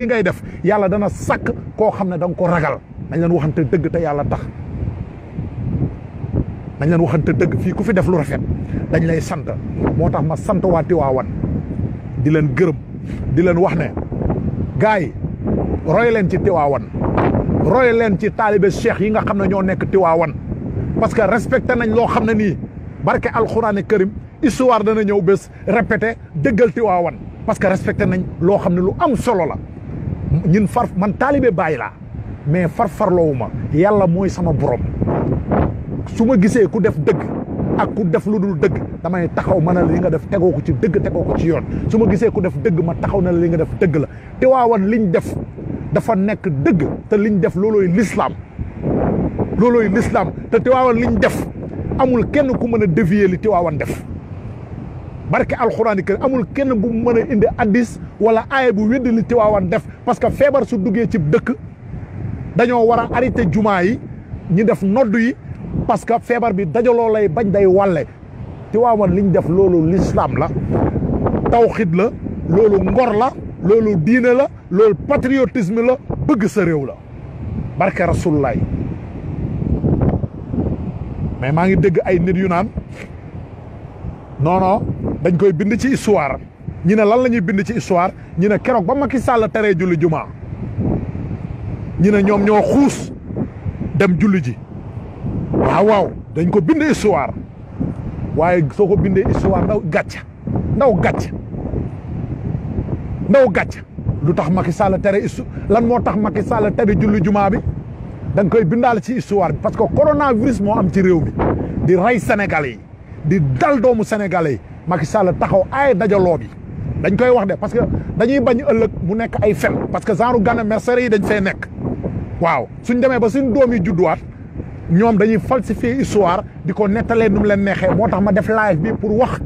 li ngay def yàlla dana sakk koo xam ne danga nga ko ragal nañ leen waxante dëgg te yàlla tax nañ leen waxante dëgg fii ku fi def lu rafet dañ lay sant moo tax ma sant waa wan di leen gërëm di leen wax ne gars yi roy leen ci Tiwaawan roy leen ci taalibe cheikh yi nga xam ne ñoo nekk Tiwaawan parce que respecté nañ loo xam ne nii barke alxuraani karim histoire dana ñëw bés répété dëggal Tiwaawan parce que respecté nañ loo xam ne lu am solo la ñun far man taalibe bàyyi laa mais farfarloowu ma yàlla mooy sama borom su ma gisee ku def dëgg ak ku def lu dul dëgg damay taxaw ma ne li nga def tegoo ko ci dëgg tegoo ko ci yoon su ma gisee ku def dëgg ma taxaw na li nga def dëgg la te waawan liñ def dafa nekk dëgg te liñ def loolooy lislaam loolooy lislaam te te waawan liñ def amul kenn ku mën a dévier li te waawan def barke alxuraani kër amul kenn bu mën a indi addis wala aaya bu wedd li tiwaawan def parce que feebar su duggee ci dëkk dañoo war a arrêté jumaa yi ñu def nodd yi parce que feebar bi dajaloo bañ day wàlle tiwaawan liñ def loolu lislaam la tawxid la loolu ngor la loolu diine la loolu patriotisme la bëgg sa réew la barke rasulullah mais maa ngi dégg ay nit yu naan dañ koy bind ci histoire ñi ne lan la ñuy bind ci histoire ñi ne keroog ba Macky Sall teree julli jumaa ñi ne ñoom ñoo xuus dem julli ji waaw waaw dañ ko bind histoire waaye soo ko bindee histoire ndaw gàcca ndaw gàcca ndaw gàcca lu tax Macky Sall tere istu lan moo tax Macky Sall tere julli jumaa bi da koy bindaal ci histoire bi parce que coronavirus moo am ci réew mi di rey Sénégalais di dal doomu Sénégalais Macky Sall taxaw ay dajaloo bi dañ koy wax de parce que dañuy bañ ëllëg mu nekk ay fen parce que genre gànna mercenaires yi dañ see nekk waaw suñ demee ba suñ doom yi judduwaat ñoom dañuy falsifier histoire di ko nettalee nu leen neexee moo tax ma def live bi pour wax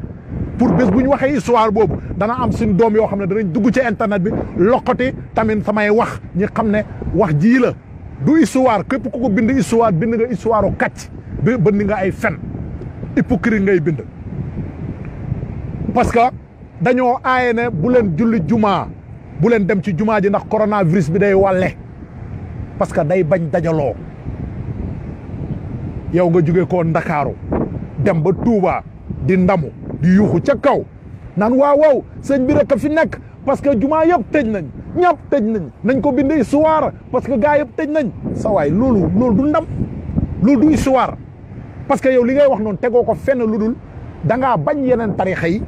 pour bés bu ñu waxee histoire boobu dana am suñ doom yoo xam ne danañ dugg ci internet bi lokkati tamit samay wax ñi xam ne wax jii la du histoire képp ku ko bind histoire bind nga histoire u kàcc bi nga ay fen hypocrite ngay bind parce que dañoo aaye ne bu julli jumaa bu leen dem ci jumaa ji ndax coronavirus bi day walle parce que day bañ dajaloo yow nga jóge ko ndakaaru dem ba Touba di ndamu di yuuxu ca kaw naan waaw waaw sëñ bi rek a fi nekk parce que jumaa yëpp tëj nañ ñëpp tëj nañ nañ ko bindee histoire parce que gaa yëpp tëj nañ sa waay loolu loolu du ndam loolu du histoire parce que yow li ngay wax noonu tegoo ko fenn lu dul dangaa bañ yeneen tarixa yi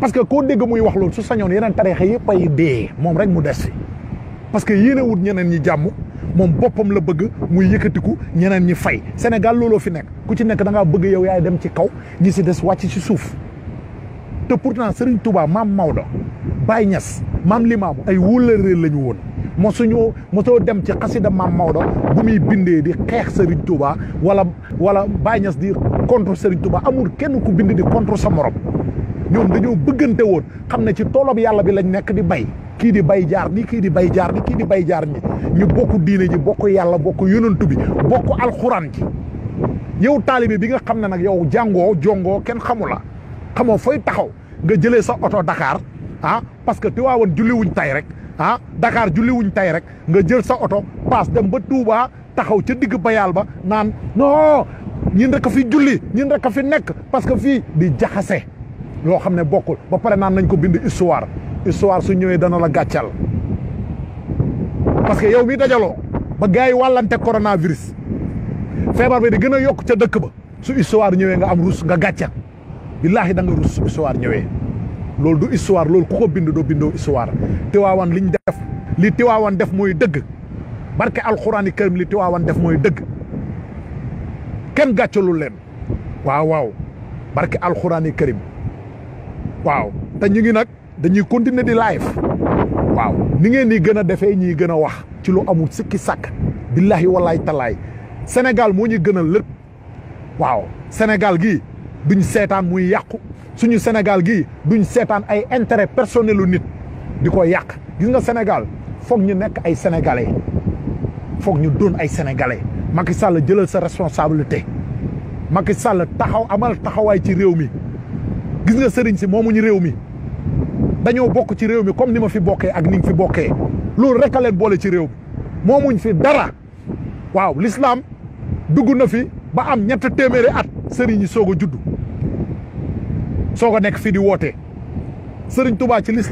parce que koo dégg muy wax loolu su sañoon yeneen tarixa yëpp ay dee moom rek mu des fi parce que yéene wut ñeneen ñi jàmm moom boppam la bëgg muy yëkkatiku ñeneen ñi fay Sénégal looloo fi nekk ku ci nekk da ngaa bëgg yow yaay dem ci kaw ñi si des wàcc ci suuf te pourtant Serigne Touba maam Maodo Baye Niass maam Limaamu ay wóllëre la ñu woon mosuñoo mosoo dem ci xasida maam Maodo bu muy bindee di xeex Serigne Touba wala wala Baye di contre Serigne Touba amul kenn ku bind di contre sa morom. ñoom dañoo bëggante woon xam ne ci toolob yàlla bi lañ nekk di bay kii di bay jaar ni kii di bay jaar ni kii di bay jaar ni ñu bokk diine ji bokk yàlla bokk yonantu bi bokk alxuraan ji yow taalibe bi nga xam ne nag yow jàngoo jongoo kenn xamu la xamoo fooy taxaw nga jëlee sa oto Dakar ah parce que te Tiwaawan wuñ tay rek ah Dakar wuñ tay rek nga jël sa oto paas dem ba Touba taxaw ca digg bayaal ba naan noo ñun rek fi julli ñun rek a fi nekk parce que fii di jaxase loo xam ne bokkul ba pare naan nañ ko bind histoire histoire su ñëwee dana la gàccal parce que yow mi dajaloo ba gars yi wàllante coronavirus feebar bi di gën a yokk ca dëkk ba su histoire ñëwee nga am rus nga gàcca billaahi da nga rus su histoire ñëwee loolu du histoire loolu ku ko bind doo bindoo histoire tiwaawan liñ def li tiwaawan def mooy dëgg barke alxuraani karim li tiwaawan def mooy dëgg kenn gàccalul leen waaw waaw barke alxuraani karim waaw te ñu ngi nag dañuy continuer di live waaw ni ngeen di gën a defee ñuy gën a wax ci lu amul sikki sàkk billahi wallahi talaay Sénégal moo ñu gën a lépp waaw Sénégal gi duñ seetaan muy yàqu suñu Sénégal gi duñ seetaan ay intérêt personnel lu nit di ko yàq gis nga Sénégal foog ñu nekk ay sénégalais foog ñu dun ay sénégalais Macky Sall jëlal sa responsabilité Macky Sall taxaw amal taxawaay ci réew mi. gis nga sëriñ si moomuñu réew mi dañoo bokk ci réew mi comme ni ma fi bokkee ak ni nga fi bokkee loolu rek a leen boole ci réew mi moomuñ fi dara waaw lislaam dugg na fi ba am ñett téeméeri at sëriñ yi soog a judd soog a nekk fii di woote sëriñ Tuubaa lislaam